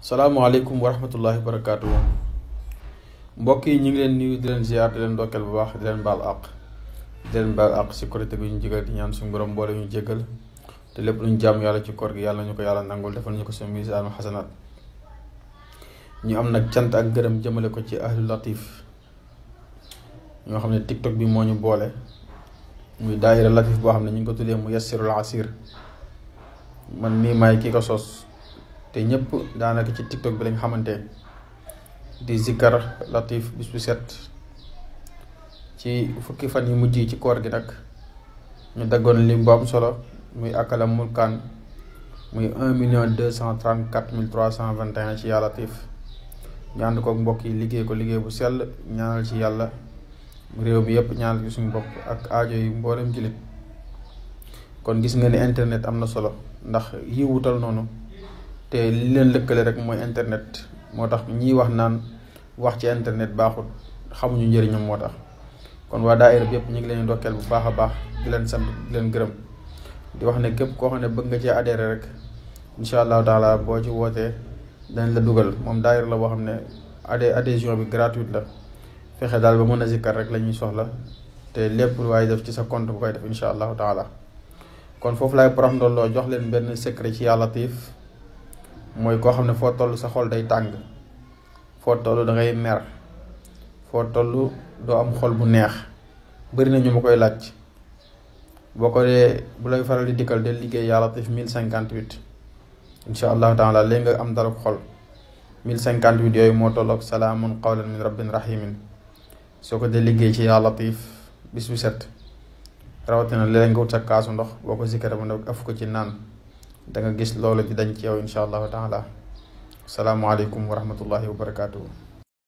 salaamaaleykum wa rahmatullahi wa barakaatu. mbokk yi ñu ngi leen nuyu di leen ziar di leen ndokkeel bu baax di leen baal àq di leen baal àq bi ñu jégal di ñaan suñu borom boole ñu jégal te lépp luñ jàmm yàlla ci koor gi yàlla ñu ko yàlla nangul defal ñu ko seen misaanu xasanaat ñu am nag cant ak gërëm jëmale ko ci ahlu latif ñoo xam ne tiktok bi moo ñu boole muy daayira latif boo xam ne ñu ngi ko tuddee mu yassirul asir man mii maay sos te ñëpp daanaka ci tiktok bi lañ xamante di zikkar latif bis bu set ci fukki fan yu mujj yi ci koor gi nag ñu daggoon lim bu am solo muy akala mulkaan muy un million deux cent trente quatre mille trois cent vingt et un ci yaa latif ñu kook mbokk yi liggéey ko liggéey bu sell ñaanal ci yàlla réew mi yëpp ñaan ci suñu bopp ak aajo yi mboolem jullit kon gis nga ni internet am na solo ndax yi yiwutal noonu te li leen lëkkale rek mooy internet moo tax ñiy wax naan wax ci internet baaxut xamuñu njëriñam moo tax kon waa daa bi yëpp ñu ngi leen ndokkeel bu baax a baax di leen sant leen gërëm di wax ne képp koo xam ne bëgg nga cee adhéré rek incha allahu taala boo ci wootee dañ la dugal moom daayira la boo xam ne adhé adhésion bi gratuite la fexe daal ba mën a zikkar rek la ñuy soxla te lépp waaye def ci sa compte bu koy def incha allahu taala kon foofu laay prof ndolloo jox leen benn secret ci yàlla tiif mooy koo xam ne foo toll sa xol day tàng foo toll da ngay mer foo toll doo am xol bu neex bëri na ñu ma koy laaj boo ko dee bu lay faral di dikkal de liggéey yàlla latif mille cinquante huit incha allahu taala léegi nga am dara xol mille cinquante huit yooyu moo tolloog salaamun qawlan min rabbin rahimin soo ko dee liggéey ci yàlla latif bis bu set rawatina léeg nga wut sa kaasu ndox boo ko sikkare ba ndox afu ko ci naan da nga gis loolu di dañ ci yow incha allahu taala asalaamualeykum wa rahmatullahi wa barakaatu.